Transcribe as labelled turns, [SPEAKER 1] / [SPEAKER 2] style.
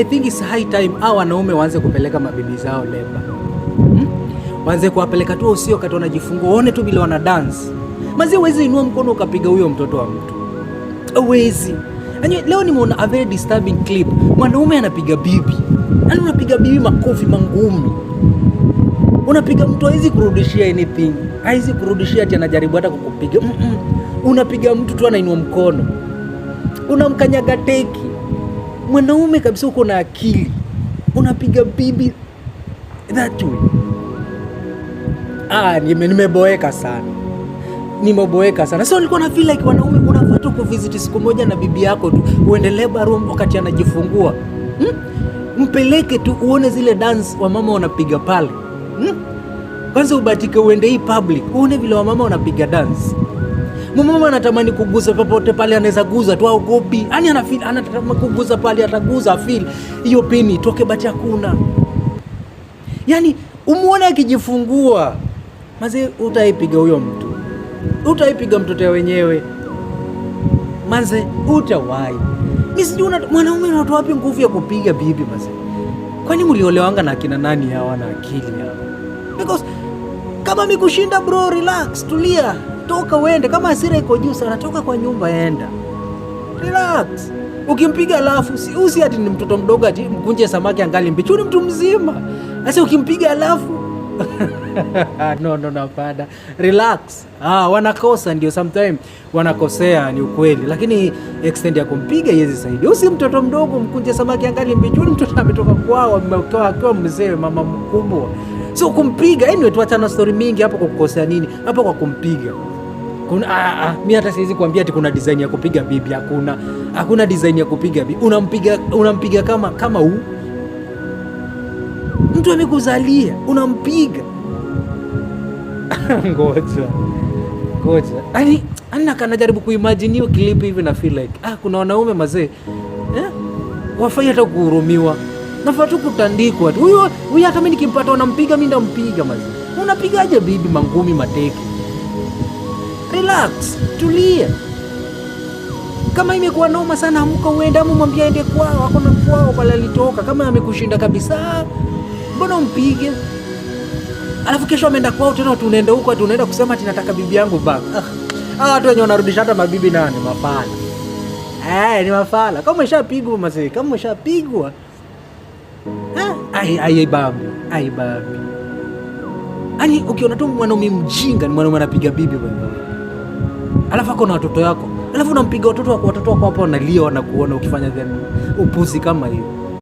[SPEAKER 1] I think it's high time hao wanaume waanze kupeleka mabibi zao leba, hmm? Waanze kuwapeleka tu, usio kati wanajifungua, waone tu bila wana dance. Mazi uwezi inua mkono ukapiga huyo mtoto wa mtu, uwezi. Anyway, leo nimeona a very disturbing clip, mwanaume anapiga bibi, yaani unapiga bibi makofi mangumi, unapiga mtu awezi kurudishia anything, awezi kurudishia ati anajaribu hata kukupiga mm -mm. Unapiga mtu tu anainua mkono, unamkanyaga teki mwanaume kabisa, uko na akili, unapiga bibi that way. Ah, nimeboeka nime sana, nimeboeka sana. So nilikuwa na feel like wanaume unafaa tu kuvisit siku moja na bibi yako tu, uendelee barua wakati anajifungua hmm? Mpeleke tu uone zile dance wamama wanapiga pale hmm? Kwanza ubatike uende hii public uone vile wamama wanapiga dance. Mumama anatamani kuguza popote pale, anaweza guza tu, aogopi. Yani anafeel anatamani kuguza pale, ataguza feel hiyo pini toke, bati hakuna. Yani umuone akijifungua mazee, utaipiga huyo mtu, utaipiga mtoto wenyewe maze, utawai mi sijui una, mwanaume unatoa wapi nguvu ya kupiga bibi maze? Kwani mliolewanga na akina nani hawa na akili hawa? Because kama mikushinda bro, relax, tulia toka uende, kama hasira iko juu sana, toka kwa nyumba, enda relax. Ukimpiga alafu si usi ati ni mtoto mdogo ati mkunje samaki angali mbichi, ni mtu mzima. Sasa ukimpiga alafu no, no, napana relax. Ah, wanakosa ndio, sometime wanakosea, ni ukweli, lakini extend ya kumpiga yezi saidi. Usi mtoto mdogo mkunje samaki angali mbichi, mtoto ametoka kwao ametoka akiwa mzee, mama mkubwa, so kumpiga. Anyway, tuachana story mingi hapo kwa kukosea nini, hapo kwa kumpiga hakuna a, ah, a, ah, ah. mi hata siwezi kuambia ati kuna design ya kupiga bibi. Hakuna, hakuna design ya kupiga bibi. Unampiga, unampiga kama kama huu mtu amekuzalia, unampiga ngoja ngoja, ani ana kanajaribu kuimagine hiyo clip hivi na feel like ah, kuna wanaume mazee eh, wafai hata kuhurumiwa, nafaa tu kutandikwa tu. Huyo huyo hata mimi nikimpata, wanampiga mimi ndampiga mazee. Unapigaje bibi mangumi mateke relax, tulia. Kama imekuwa noma sana, amka uende, ama mwambie aende kwao, ako na kwao pale alitoka. Kama amekushinda kabisa, mbona umpige? Alafu kesho ameenda kwao tena, watu unaenda huko, watu unaenda kusema ati nataka bibi yangu back. Ah, watu wenye wanarudisha hata mabibi nani, mafala eh, ni mafala. Kama umeshapigwa mzee, kama umeshapigwa eh, ai ai, babu ai babu. yaani ukiona tu mwanaume mjinga ni mwanaume anapiga bibi wewe alafu ako na watoto yako, alafu unampiga watoto wako, watoto wako hapo wanalia, wanakuona ukifanya upuzi kama hiyo.